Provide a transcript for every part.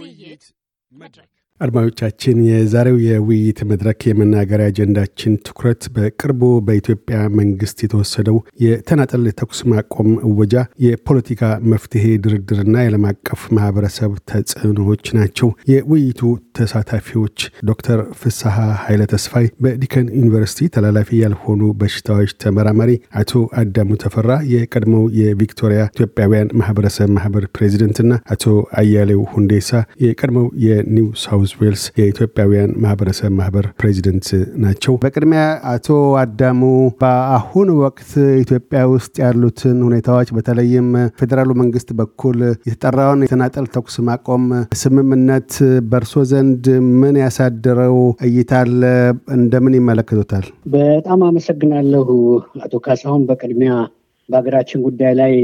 We Mwyhyd Madrig. አድማጮቻችን የዛሬው የውይይት መድረክ የመናገሪያ አጀንዳችን ትኩረት በቅርቡ በኢትዮጵያ መንግስት የተወሰደው የተናጠል ተኩስ ማቆም እወጃ፣ የፖለቲካ መፍትሄ ድርድርና የዓለም አቀፍ ማህበረሰብ ተጽዕኖዎች ናቸው። የውይይቱ ተሳታፊዎች ዶክተር ፍስሐ ኃይለ ተስፋይ በዲከን ዩኒቨርሲቲ ተላላፊ ያልሆኑ በሽታዎች ተመራማሪ፣ አቶ አዳሙ ተፈራ የቀድሞው የቪክቶሪያ ኢትዮጵያውያን ማህበረሰብ ማህበር ፕሬዚደንትና አቶ አያሌው ሁንዴሳ የቀድሞው የኒው ሳውዝ ቅዱስ ዌልስ የኢትዮጵያውያን ማህበረሰብ ማህበር ፕሬዚደንት ናቸው። በቅድሚያ አቶ አዳሙ በአሁን ወቅት ኢትዮጵያ ውስጥ ያሉትን ሁኔታዎች በተለይም ፌዴራሉ መንግስት በኩል የተጠራውን የተናጠል ተኩስ ማቆም ስምምነት በእርሶ ዘንድ ምን ያሳደረው እይታ አለ? እንደምን ይመለከቱታል? በጣም አመሰግናለሁ አቶ ካሳሁን። በቅድሚያ በሀገራችን ጉዳይ ላይ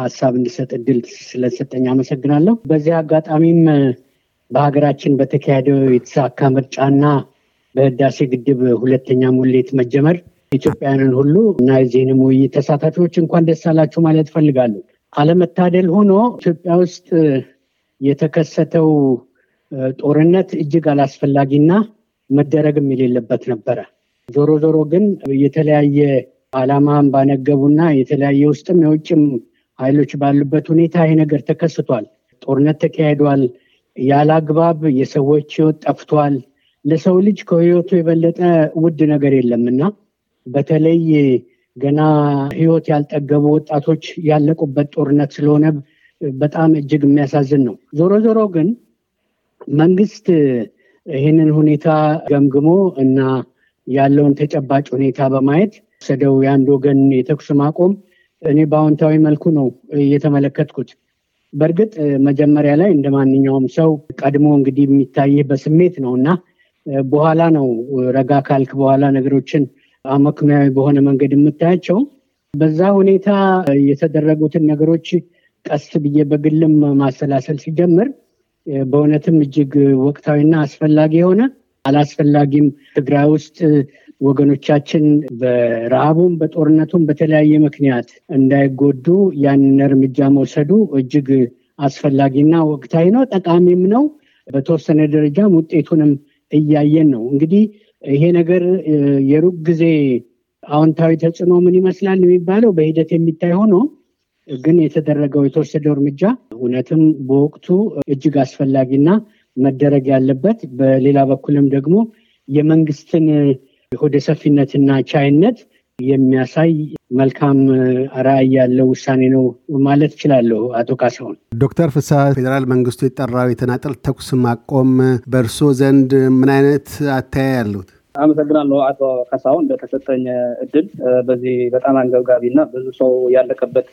ሀሳብ እንድሰጥ እድል ስለተሰጠኝ አመሰግናለሁ። በዚህ አጋጣሚም በሀገራችን በተካሄደው የተሳካ ምርጫና በህዳሴ ግድብ ሁለተኛ ሙሌት መጀመር ኢትዮጵያውያንን ሁሉ እና የዚህንም ውይይት ተሳታፊዎች እንኳን ደስ አላችሁ ማለት እፈልጋለሁ። አለመታደል ሆኖ ኢትዮጵያ ውስጥ የተከሰተው ጦርነት እጅግ አላስፈላጊና መደረግም የሌለበት ነበረ። ዞሮ ዞሮ ግን የተለያየ ዓላማን ባነገቡና የተለያየ ውስጥም የውጭም ኃይሎች ባሉበት ሁኔታ ይህ ነገር ተከስቷል። ጦርነት ተካሂዷል። ያለ አግባብ የሰዎች ህይወት ጠፍቷል። ለሰው ልጅ ከህይወቱ የበለጠ ውድ ነገር የለም እና በተለይ ገና ህይወት ያልጠገቡ ወጣቶች ያለቁበት ጦርነት ስለሆነ በጣም እጅግ የሚያሳዝን ነው። ዞሮ ዞሮ ግን መንግስት ይህንን ሁኔታ ገምግሞ እና ያለውን ተጨባጭ ሁኔታ በማየት ወሰደው የአንድ ወገን የተኩስ ማቆም እኔ በአዎንታዊ መልኩ ነው እየተመለከትኩት። በእርግጥ መጀመሪያ ላይ እንደ ማንኛውም ሰው ቀድሞ እንግዲህ የሚታይህ በስሜት ነው እና በኋላ ነው ረጋ ካልክ በኋላ ነገሮችን አመክንያዊ በሆነ መንገድ የምታያቸው። በዛ ሁኔታ የተደረጉትን ነገሮች ቀስ ብዬ በግልም ማሰላሰል ሲጀምር በእውነትም እጅግ ወቅታዊና አስፈላጊ የሆነ አላስፈላጊም ትግራይ ውስጥ ወገኖቻችን በረሃቡም በጦርነቱም በተለያየ ምክንያት እንዳይጎዱ ያንን እርምጃ መውሰዱ እጅግ አስፈላጊና ወቅታዊ ነው፣ ጠቃሚም ነው። በተወሰነ ደረጃም ውጤቱንም እያየን ነው። እንግዲህ ይሄ ነገር የሩቅ ጊዜ አዎንታዊ ተጽዕኖ ምን ይመስላል የሚባለው በሂደት የሚታይ ሆኖ ግን የተደረገው የተወሰደው እርምጃ እውነትም በወቅቱ እጅግ አስፈላጊና መደረግ ያለበት በሌላ በኩልም ደግሞ የመንግስትን ሆደ ሰፊነትና ቻይነት የሚያሳይ መልካም ራዕይ ያለው ውሳኔ ነው ማለት እችላለሁ። አቶ ካሳሁን። ዶክተር ፍሳ ፌዴራል መንግስቱ የጠራው የተናጠል ተኩስ ማቆም በእርሶ ዘንድ ምን አይነት አተያይ ያሉት? አመሰግናለሁ አቶ ከሳሁን በተሰጠኝ እድል በዚህ በጣም አንገብጋቢ እና ብዙ ሰው ያለቀበት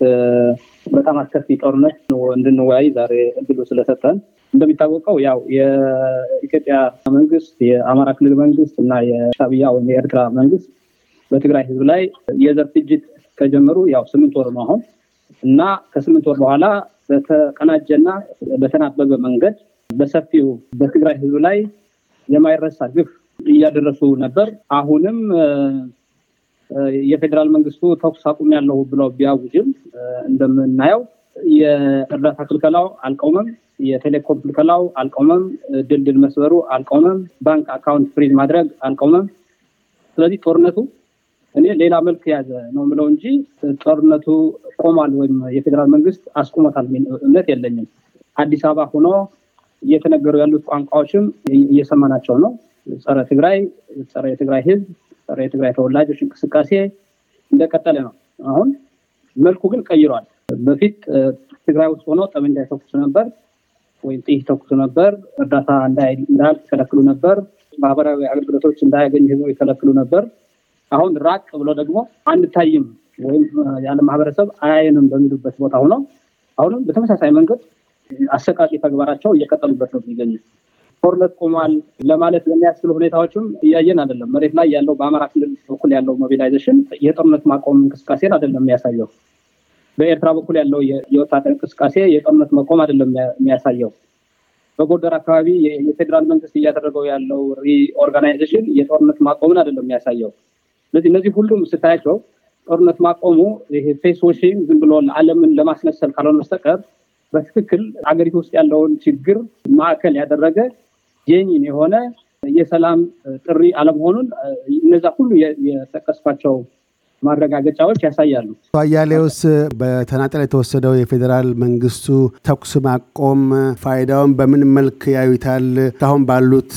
በጣም አስከፊ ጦርነት እንድንወያይ ዛሬ እድሉ ስለሰጠን እንደሚታወቀው ያው የኢትዮጵያ መንግስት የአማራ ክልል መንግስት እና የሻዕቢያ ወይም የኤርትራ መንግስት በትግራይ ህዝብ ላይ የዘር ፍጅት ከጀመሩ ያው ስምንት ወር ነው አሁን እና ከስምንት ወር በኋላ በተቀናጀና በተናበበ መንገድ በሰፊው በትግራይ ህዝብ ላይ የማይረሳ ግፍ እያደረሱ ነበር። አሁንም የፌዴራል መንግስቱ ተኩስ አቁም ያለው ብለው ቢያውጅም እንደምናየው የእርዳታ ክልከላው አልቆመም። የቴሌኮም ክልከላው አልቆመም። ድልድል መስበሩ አልቆመም። ባንክ አካውንት ፍሪዝ ማድረግ አልቆመም። ስለዚህ ጦርነቱ እኔ ሌላ መልክ የያዘ ነው ብለው እንጂ ጦርነቱ ቆሟል ወይም የፌዴራል መንግስት አስቆሞታል እምነት የለኝም። አዲስ አበባ ሆኖ እየተነገሩ ያሉት ቋንቋዎችም እየሰማናቸው ነው። ጸረ ትግራይ፣ ጸረ የትግራይ ህዝብ፣ ጸረ የትግራይ ተወላጆች እንቅስቃሴ እንደቀጠለ ነው። አሁን መልኩ ግን ቀይሯል። በፊት ትግራይ ውስጥ ሆኖ ጠመንጃ ይተኩሱ ነበር ወይም ጥይት ተኩሱ ነበር። እርዳታ እንዳል ይከለክሉ ነበር። ማህበራዊ አገልግሎቶች እንዳያገኝ ህዝቡ ይከለክሉ ነበር። አሁን ራቅ ብሎ ደግሞ አንታይም ወይም ያለ ማህበረሰብ አያየንም በሚሉበት ቦታ ሆኖ አሁንም በተመሳሳይ መንገድ አሰቃቂ ተግባራቸው እየቀጠሉበት ነው የሚገኙ ጦርነት ቆሟል ለማለት በሚያስችሉ ሁኔታዎችም እያየን አይደለም። መሬት ላይ ያለው በአማራ ክልል በኩል ያለው ሞቢላይዜሽን የጦርነት ማቆም እንቅስቃሴን አይደለም የሚያሳየው። በኤርትራ በኩል ያለው የወታደር እንቅስቃሴ የጦርነት መቆም አይደለም የሚያሳየው። በጎንደር አካባቢ የፌዴራል መንግስት እያደረገው ያለው ሪኦርጋናይዜሽን የጦርነት ማቆምን አይደለም የሚያሳየው። ስለዚህ እነዚህ ሁሉም ስታያቸው ጦርነት ማቆሙ ይሄ ፌስ ዋሺንግ ዝም ብሎ ዓለምን ለማስመሰል ካልሆነ በስተቀር በትክክል አገሪቱ ውስጥ ያለውን ችግር ማዕከል ያደረገ ጄኒን የሆነ የሰላም ጥሪ አለመሆኑን እነዛ ሁሉ የጠቀስኳቸው ማረጋገጫዎች ያሳያሉ። አያሌውስ በተናጠል የተወሰደው የፌዴራል መንግስቱ ተኩስ ማቆም ፋይዳውን በምን መልክ ያዩታል? አሁን ባሉት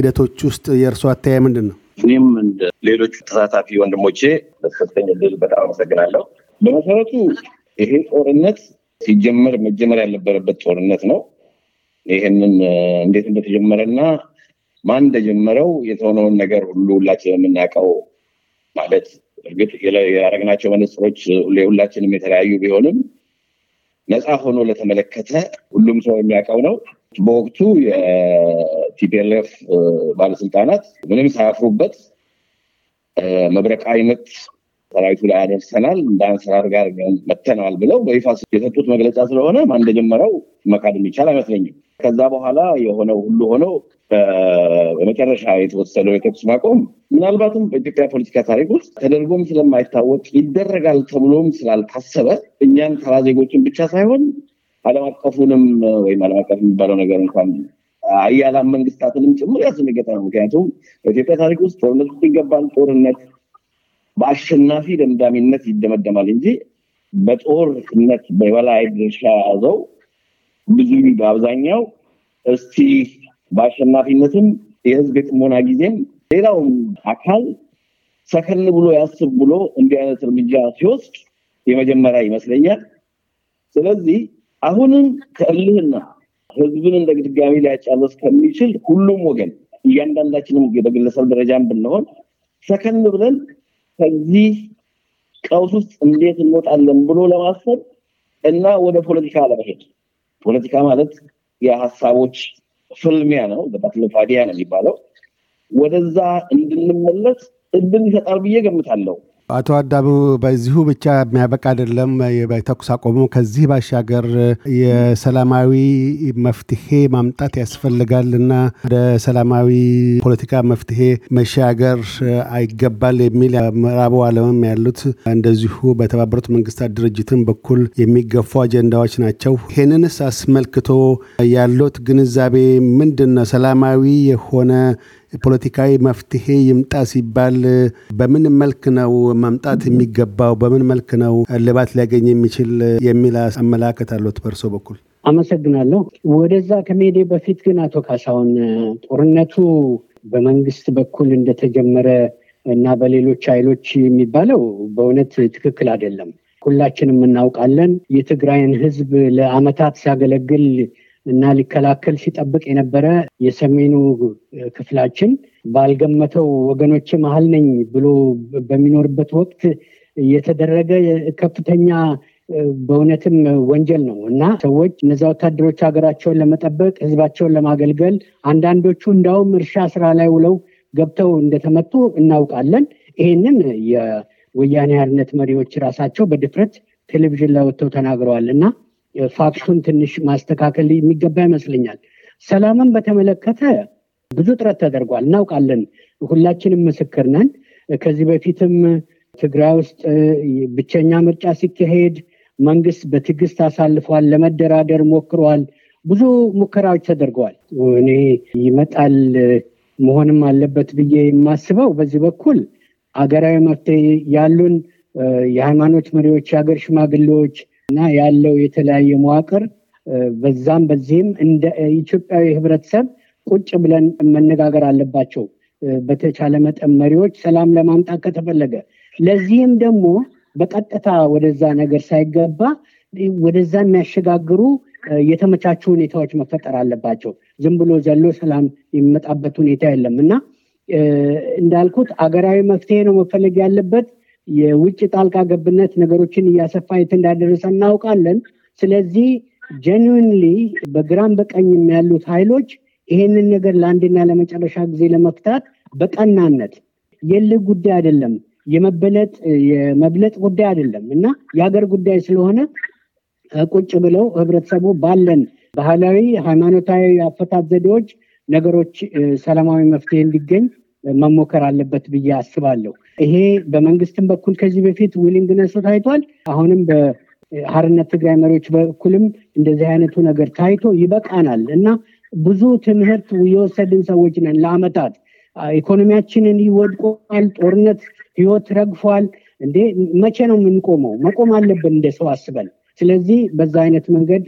ሂደቶች ውስጥ የእርሶ አተያይ ምንድን ነው? እኔም እንደ ሌሎቹ ተሳታፊ ወንድሞቼ በተሰጠኝ ዕድል በጣም አመሰግናለሁ። በመሰረቱ ይሄ ጦርነት ሲጀመር መጀመር ያልነበረበት ጦርነት ነው። ይህንን እንዴት እንደተጀመረና ማን እንደጀመረው የተሆነውን ነገር ሁሉ ሁላችን የምናውቀው ማለት እርግጥ ያደረግናቸው መነጽሮች ሁላችንም የተለያዩ ቢሆንም ነፃ ሆኖ ለተመለከተ ሁሉም ሰው የሚያውቀው ነው። በወቅቱ የቲፒልፍ ባለስልጣናት ምንም ሳያፍሩበት መብረቅ አይነት ሰራዊቱ ላይ አደርሰናል እንደ አንስራር ጋር መተናል ብለው በይፋ የሰጡት መግለጫ ስለሆነ ማን እንደጀመረው መካድ የሚቻል አይመስለኝም። ከዛ በኋላ የሆነው ሁሉ ሆኖ በመጨረሻ የተወሰደው የተኩስ ማቆም ምናልባትም በኢትዮጵያ ፖለቲካ ታሪክ ውስጥ ተደርጎም ስለማይታወቅ ይደረጋል ተብሎም ስላልታሰበ እኛን ተራ ዜጎችን ብቻ ሳይሆን ዓለም አቀፉንም ወይም ዓለም አቀፍ የሚባለው ነገር እንኳን አያላም መንግስታትንም ጭምር ያስነገጠ ነው ምክንያቱም በኢትዮጵያ ታሪክ ውስጥ ጦርነት ሲገባን ጦርነት በአሸናፊ ደምዳሚነት ይደመደማል እንጂ በጦርነት በበላይ ድርሻ ያዘው ብዙ በአብዛኛው እስቲ በአሸናፊነትም የህዝብ የጥሞና ጊዜም ሌላውም አካል ሰከን ብሎ ያስብ ብሎ እንዲህ አይነት እርምጃ ሲወስድ የመጀመሪያ ይመስለኛል። ስለዚህ አሁንም ከእልህና ህዝብን እንደ ግድጋሚ ሊያጫለስ ከሚችል ሁሉም ወገን እያንዳንዳችንም በግለሰብ ደረጃም ብንሆን ሰከን ብለን ከዚህ ቀውስ ውስጥ እንዴት እንወጣለን ብሎ ለማሰብ እና ወደ ፖለቲካ ለመሄድ ፖለቲካ ማለት የሀሳቦች ፍልሚያ ነው። ባትሎፋዲያ ነው የሚባለው። ወደዛ እንድንመለስ እድል ይሰጣል ብዬ ገምታለሁ። አቶ አዳቡ በዚሁ ብቻ የሚያበቃ አይደለም። የተኩስ አቆሙ ከዚህ ባሻገር የሰላማዊ መፍትሄ ማምጣት ያስፈልጋል እና ወደ ሰላማዊ ፖለቲካ መፍትሄ መሻገር አይገባል የሚል ምዕራቡ ዓለምም ያሉት እንደዚሁ በተባበሩት መንግስታት ድርጅትም በኩል የሚገፉ አጀንዳዎች ናቸው። ይህንንስ አስመልክቶ ያሉት ግንዛቤ ምንድን ነው? ሰላማዊ የሆነ ፖለቲካዊ መፍትሄ ይምጣ ሲባል በምን መልክ ነው መምጣት የሚገባው? በምን መልክ ነው እልባት ሊያገኝ የሚችል የሚል አመላከት አለት በእርሶ በኩል? አመሰግናለሁ። ወደዛ ከመሄዴ በፊት ግን አቶ ካሳሁን ጦርነቱ በመንግስት በኩል እንደተጀመረ እና በሌሎች ኃይሎች የሚባለው በእውነት ትክክል አይደለም። ሁላችንም እናውቃለን። የትግራይን ህዝብ ለአመታት ሲያገለግል እና ሊከላከል ሲጠብቅ የነበረ የሰሜኑ ክፍላችን ባልገመተው ወገኖች መሀል ነኝ ብሎ በሚኖርበት ወቅት የተደረገ ከፍተኛ በእውነትም ወንጀል ነው እና ሰዎች እነዚ ወታደሮች ሀገራቸውን ለመጠበቅ ህዝባቸውን ለማገልገል አንዳንዶቹ እንዳውም እርሻ ስራ ላይ ውለው ገብተው እንደተመቱ እናውቃለን። ይህንን የወያኔ ያርነት መሪዎች ራሳቸው በድፍረት ቴሌቪዥን ላይ ወጥተው ተናግረዋል እና ፋክሱን ትንሽ ማስተካከል የሚገባ ይመስለኛል። ሰላምን በተመለከተ ብዙ ጥረት ተደርጓል፣ እናውቃለን። ሁላችንም ምስክር ነን። ከዚህ በፊትም ትግራይ ውስጥ ብቸኛ ምርጫ ሲካሄድ መንግስት በትዕግስት አሳልፏል፣ ለመደራደር ሞክሯል። ብዙ ሙከራዎች ተደርገዋል። እኔ ይመጣል መሆንም አለበት ብዬ የማስበው በዚህ በኩል አገራዊ መፍትሄ ያሉን የሃይማኖት መሪዎች፣ የሀገር ሽማግሌዎች እና ያለው የተለያየ መዋቅር በዛም በዚህም እንደ ኢትዮጵያዊ ህብረተሰብ ቁጭ ብለን መነጋገር አለባቸው። በተቻለ መጠን መሪዎች ሰላም ለማምጣት ከተፈለገ ለዚህም ደግሞ በቀጥታ ወደዛ ነገር ሳይገባ ወደዛ የሚያሸጋግሩ የተመቻቹ ሁኔታዎች መፈጠር አለባቸው። ዝም ብሎ ዘሎ ሰላም የሚመጣበት ሁኔታ የለም እና እንዳልኩት አገራዊ መፍትሄ ነው መፈለግ ያለበት። የውጭ ጣልቃ ገብነት ነገሮችን እያሰፋ የት እንዳደረሰ እናውቃለን። ስለዚህ ጀንዊንሊ በግራም በቀኝም ያሉት ኃይሎች ይሄንን ነገር ለአንድና ለመጨረሻ ጊዜ ለመፍታት በቀናነት የልህ ጉዳይ አይደለም፣ የመበለጥ የመብለጥ ጉዳይ አይደለም እና የሀገር ጉዳይ ስለሆነ ቁጭ ብለው ህብረተሰቡ ባለን ባህላዊ ሃይማኖታዊ አፈታት ዘዴዎች ነገሮች ሰላማዊ መፍትሄ እንዲገኝ መሞከር አለበት ብዬ አስባለሁ። ይሄ በመንግስትም በኩል ከዚህ በፊት ዊሊንግነሱ ታይቷል። አሁንም በሀርነት ትግራይ መሪዎች በኩልም እንደዚህ አይነቱ ነገር ታይቶ ይበቃናል እና ብዙ ትምህርት የወሰድን ሰዎች ነን። ለአመታት ኢኮኖሚያችንን ይወድቆል፣ ጦርነት ህይወት ረግፏል። እንዴ መቼ ነው የምንቆመው? መቆም አለብን እንደ ሰው አስበን። ስለዚህ በዛ አይነት መንገድ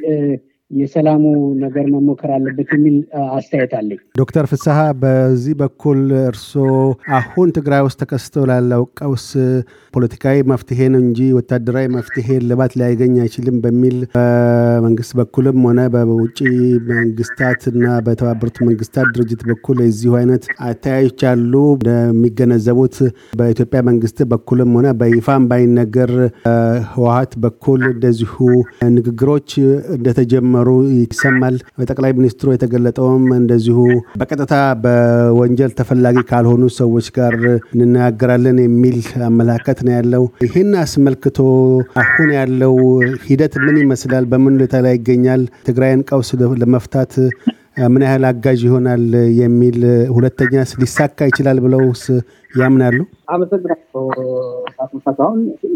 የሰላሙ ነገር መሞከር አለበት የሚል አስተያየት አለኝ። ዶክተር ፍስሐ በዚህ በኩል እርስዎ አሁን ትግራይ ውስጥ ተከስቶ ላለው ቀውስ ፖለቲካዊ መፍትሄ ነው እንጂ ወታደራዊ መፍትሄ ልባት ሊያገኝ አይችልም በሚል በመንግስት በኩልም ሆነ በውጭ መንግስታት እና በተባበሩት መንግስታት ድርጅት በኩል የዚሁ አይነት አተያዮች አሉ። እንደሚገነዘቡት በኢትዮጵያ መንግስት በኩልም ሆነ በይፋም ባይነገር ህወሀት በኩል እንደዚሁ ንግግሮች እንደተጀመሩ መኖሩ ይሰማል። በጠቅላይ ሚኒስትሩ የተገለጠውም እንደዚሁ በቀጥታ በወንጀል ተፈላጊ ካልሆኑ ሰዎች ጋር እንናገራለን የሚል አመላከት ነው ያለው። ይህን አስመልክቶ አሁን ያለው ሂደት ምን ይመስላል? በምን ሁኔታ ላይ ይገኛል? ትግራይን ቀውስ ለመፍታት ምን ያህል አጋዥ ይሆናል የሚል ሁለተኛ ሊሳካ ይችላል ብለውስ ያምናሉ? አመሰግናለሁ። አቶ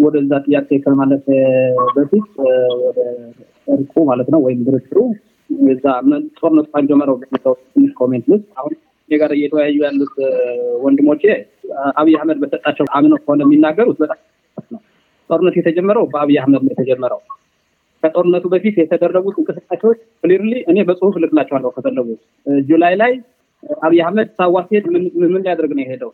ወደዛ ጥያቄ ከማለፍ በፊት እርቁ ማለት ነው ወይም ድርድሩ እዛ ጦርነቱ ካልጀመረው ትንሽ ኮሜንት ልስ አሁን ጋር እየተወያዩ ያሉት ወንድሞቼ አብይ አህመድ በሰጣቸው አምነው ከሆነ የሚናገሩት በጣም ነው። ጦርነቱ የተጀመረው በአብይ አህመድ ነው የተጀመረው። ከጦርነቱ በፊት የተደረጉት እንቅስቃሴዎች ክሊርሊ እኔ በጽሁፍ ልክላቸዋለሁ ከፈለጉ። ጁላይ ላይ አብይ አህመድ ሳዋ ሲሄድ ምን ሊያደርግ ነው የሄደው?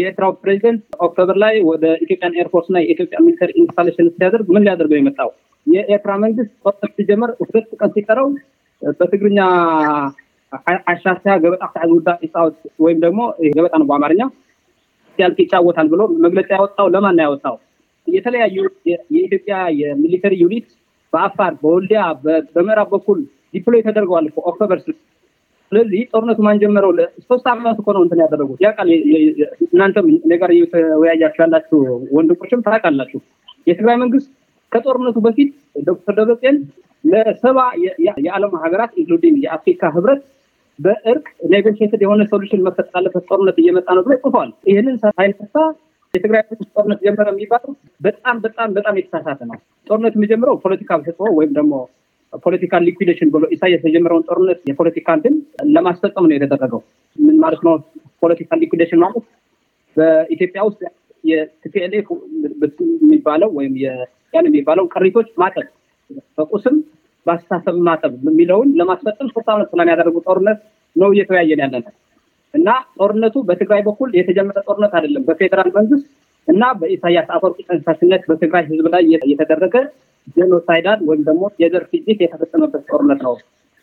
የኤርትራው ፕሬዚደንት ኦክቶበር ላይ ወደ ኢትዮጵያን ኤርፎርስ እና የኢትዮጵያ ሚኒስተር ኢንስታሌሽን ሲያደርግ ምን ሊያደርግ ነው የመጣው? የኤርትራ መንግስት ጦርነት ሲጀምር ሁለት ቀን ሲቀረው በትግርኛ አሻሻ ገበጣ ክታዕዝ ውዳ ይጫወት ወይም ደግሞ ገበጣ ነው በአማርኛ ሲያልቅ ይጫወታል ብሎ መግለጫ ያወጣው ለማን ያወጣው? የተለያዩ የኢትዮጵያ የሚሊተሪ ዩኒት በአፋር በወልዲያ በምዕራብ በኩል ዲፕሎይ ተደርገዋል ኦክቶበር ስለዚህ ጦርነቱ ማን ጀመረው? ሶስት ዓመት እኮ ነው እንትን ያደረጉት። ያ ቃል እናንተም ነገር እየተወያያችሁ ያላችሁ ወንድሞችም ታውቃላችሁ። የትግራይ መንግስት ከጦርነቱ በፊት ዶክተር ደብረጽዮን ለሰባ የዓለም ሀገራት ኢንክሉዲንግ የአፍሪካ ህብረት በእርቅ ኔጎሽትድ የሆነ ሶሉሽን መፈጠር አለበት ጦርነት እየመጣ ነው ብሎ ጽፏል። ይህንን ሳይነሳ የትግራይ ጦርነት ጀመረ የሚባለው በጣም በጣም በጣም የተሳሳተ ነው። ጦርነት የሚጀምረው ፖለቲካ ብስጦ ወይም ደግሞ ፖለቲካል ሊኩዊዴሽን ብሎ ኢሳያስ የጀመረውን ጦርነት የፖለቲካ እንትን ለማስፈጸም ነው የተደረገው። ምን ማለት ነው? ፖለቲካል ሊኩዴሽን ማለት በኢትዮጵያ ውስጥ የቲፒኤልኤ የሚባለው ወይም ያን የሚባለው ቅሪቶች ማጠብ በቁስም በአስተሳሰብ ማጠብ የሚለውን ለማስፈጸም ሶስት ዓመት ያደረጉ ጦርነት ነው እየተወያየን ያለ ነው እና ጦርነቱ በትግራይ በኩል የተጀመረ ጦርነት አይደለም። በፌዴራል መንግስት እና በኢሳያስ አፈወርቂ ጠንሳሽነት በትግራይ ህዝብ ላይ የተደረገ ጄኖሳይዳል ወይም ደግሞ የዘር ፍጅት የተፈጸመበት ጦርነት ነው።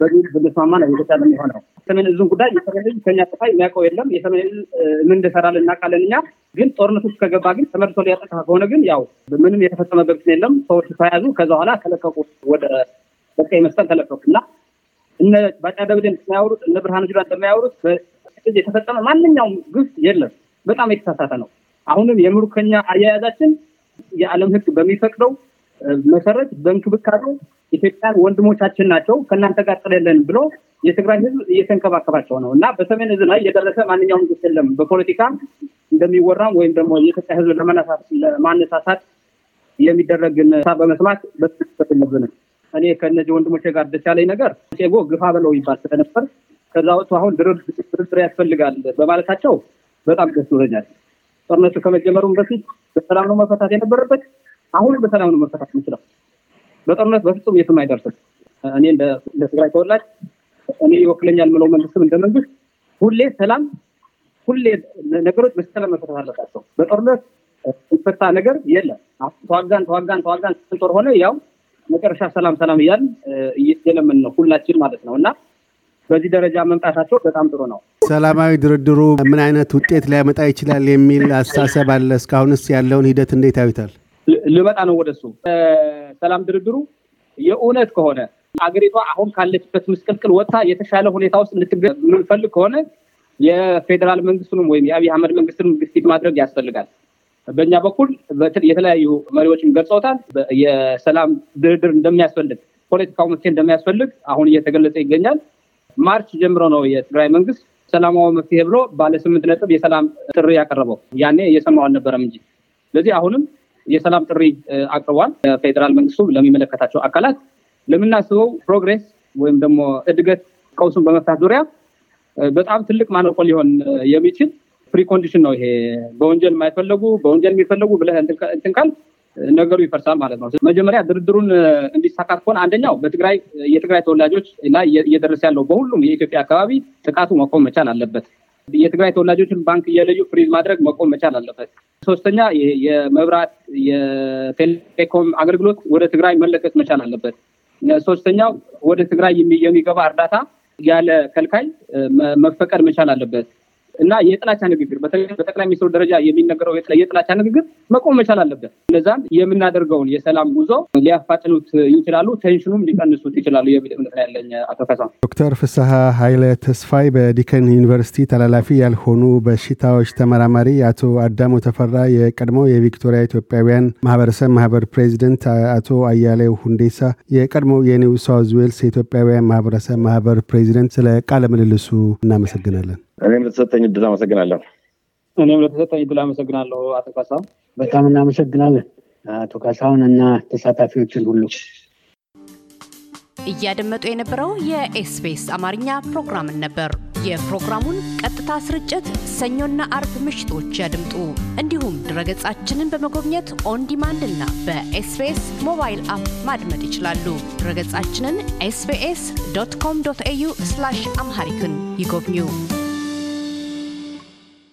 በግል ብንስማማ ነው የተሻለ የሚሆነው። ሰሜን እዙን ጉዳይ የሰሜን እዝ ከኛ ጥፋ የሚያውቀው የለም። የሰሜን እዝ ምን እንደሰራል እናውቃለን እኛ። ግን ጦርነቱ ውስጥ ከገባ ግን ተመልሶ ሊያጠቃ ከሆነ ግን ያው ምንም የተፈጸመ የተፈጸመበት የለም። ሰዎች ተያዙ፣ ከዛ በኋላ ተለቀቁ፣ ወደ በቀይ መስቀል ተለቀቁ እና እነ ባጫ ደብዴ እንደሚያወሩት እነ ብርሃን ጁላ እንደሚያወሩት የተፈጸመ ማንኛውም ግፍ የለም። በጣም የተሳሳተ ነው። አሁንም የምሩከኛ አያያዛችን የዓለም ሕግ በሚፈቅደው መሰረት በእንክብካቤው ኢትዮጵያን ወንድሞቻችን ናቸው ከእናንተ ጋር ጥር የለን ብሎ የትግራይ ህዝብ እየተንከባከባቸው ነው እና በሰሜን ህዝብ ላይ የደረሰ ማንኛውም ግስ የለም። በፖለቲካ እንደሚወራም ወይም ደግሞ የኢትዮጵያ ህዝብ ለማነሳሳት የሚደረግን ሳ በመስማት በትክክል የለብንም። እኔ ከእነዚህ ወንድሞቼ ጋር ደስ ያለኝ ነገር ጎ ግፋ በለው ይባል ስለነበር ከዛ ወጥቶ አሁን ድርድር ያስፈልጋል በማለታቸው በጣም ደስ ብሎኛል። ጦርነቱ ከመጀመሩም በፊት በሰላም ነው መፈታት የነበረበት። አሁን በሰላም ነው መፈታት የምችለው። በጦርነት በፍጹም የትም አይደርስም። እኔ እንደ ትግራይ ተወላጅ እኔ ይወክለኛል የምለው መንግስትም እንደ መንግስት ሁሌ ሰላም፣ ሁሌ ነገሮች በሰላም መፈታት አለባቸው። በጦርነት የሚፈታ ነገር የለም። ተዋጋን ተዋጋን ተዋጋን ጦር ሆነ ያው መጨረሻ ሰላም ሰላም እያል እየለምን ነው ሁላችን ማለት ነው እና በዚህ ደረጃ መምጣታቸው በጣም ጥሩ ነው። ሰላማዊ ድርድሩ ምን አይነት ውጤት ሊያመጣ ይችላል የሚል አስተሳሰብ አለ። እስካሁንስ ያለውን ሂደት እንዴት ያዩታል? ልመጣ ነው ወደሱ ሰላም ድርድሩ የእውነት ከሆነ አገሪቷ አሁን ካለችበት ምስቅልቅል ወጥታ የተሻለ ሁኔታ ውስጥ እንድትገ የምንፈልግ ከሆነ የፌዴራል መንግስቱንም ወይም የአብይ አህመድ መንግስትን ግፊት ማድረግ ያስፈልጋል። በእኛ በኩል የተለያዩ መሪዎችን ገልጸውታል። የሰላም ድርድር እንደሚያስፈልግ፣ ፖለቲካው መፍትሄ እንደሚያስፈልግ አሁን እየተገለጸ ይገኛል። ማርች ጀምሮ ነው የትግራይ መንግስት ሰላማዊ መፍትሄ ብሎ ባለ ስምንት ነጥብ የሰላም ጥሪ ያቀረበው። ያኔ እየሰማው አልነበረም እንጂ ስለዚህ አሁንም የሰላም ጥሪ አቅርቧል። ፌዴራል መንግስቱ ለሚመለከታቸው አካላት ለምናስበው ፕሮግሬስ ወይም ደግሞ እድገት ቀውሱን በመፍታት ዙሪያ በጣም ትልቅ ማነቆ ሊሆን የሚችል ፕሪኮንዲሽን ነው ይሄ። በወንጀል የማይፈለጉ በወንጀል የሚፈለጉ ብለህ እንትን ካል ነገሩ ይፈርሳል ማለት ነው። መጀመሪያ ድርድሩን እንዲሳካት ከሆነ አንደኛው በትግራይ የትግራይ ተወላጆች ላይ እየደረሰ ያለው በሁሉም የኢትዮጵያ አካባቢ ጥቃቱ መቆም መቻል አለበት። የትግራይ ተወላጆችን ባንክ እየለዩ ፍሪዝ ማድረግ መቆም መቻል አለበት። ሶስተኛ የመብራት የቴሌኮም አገልግሎት ወደ ትግራይ መለቀቅ መቻል አለበት። ሶስተኛው ወደ ትግራይ የሚገባ እርዳታ ያለ ከልካይ መፈቀድ መቻል አለበት። እና የጥላቻ ንግግር በተለይ በጠቅላይ ሚኒስትሩ ደረጃ የሚነገረው የጥላቻ ንግግር መቆም መቻል አለበት። እነዛን የምናደርገውን የሰላም ጉዞ ሊያፋጥኑት ይችላሉ፣ ቴንሽኑም ሊቀንሱት ይችላሉ የሚል እምነት ነው ያለኝ። አቶ ካሳ ዶክተር ፍስሀ ኃይለ ተስፋይ በዲከን ዩኒቨርሲቲ ተላላፊ ያልሆኑ በሽታዎች ተመራማሪ፣ አቶ አዳሞ ተፈራ የቀድሞ የቪክቶሪያ ኢትዮጵያውያን ማህበረሰብ ማህበር ፕሬዚደንት፣ አቶ አያሌው ሁንዴሳ የቀድሞ የኒው ሳውዝ ዌልስ የኢትዮጵያውያን ማህበረሰብ ማህበር ፕሬዚደንት፣ ስለ ቃለ ምልልሱ እናመሰግናለን። እኔም ለተሰጠኝ እድል አመሰግናለሁ። እኔም ለተሰጠኝ እድል አመሰግናለሁ። አቶ ካሳሁን በጣም እናመሰግናለን። አቶ ካሳሁን እና ተሳታፊዎችን ሁሉ እያደመጡ የነበረው የኤስቢኤስ አማርኛ ፕሮግራምን ነበር። የፕሮግራሙን ቀጥታ ስርጭት ሰኞና አርብ ምሽቶች ያድምጡ። እንዲሁም ድረገጻችንን በመጎብኘት ኦን ዲማንድ እና በኤስቢኤስ ሞባይል አፕ ማድመጥ ይችላሉ። ድረገጻችንን ኤስቢኤስ ዶት ኮም ዶት ኤዩ አምሃሪክን ይጎብኙ።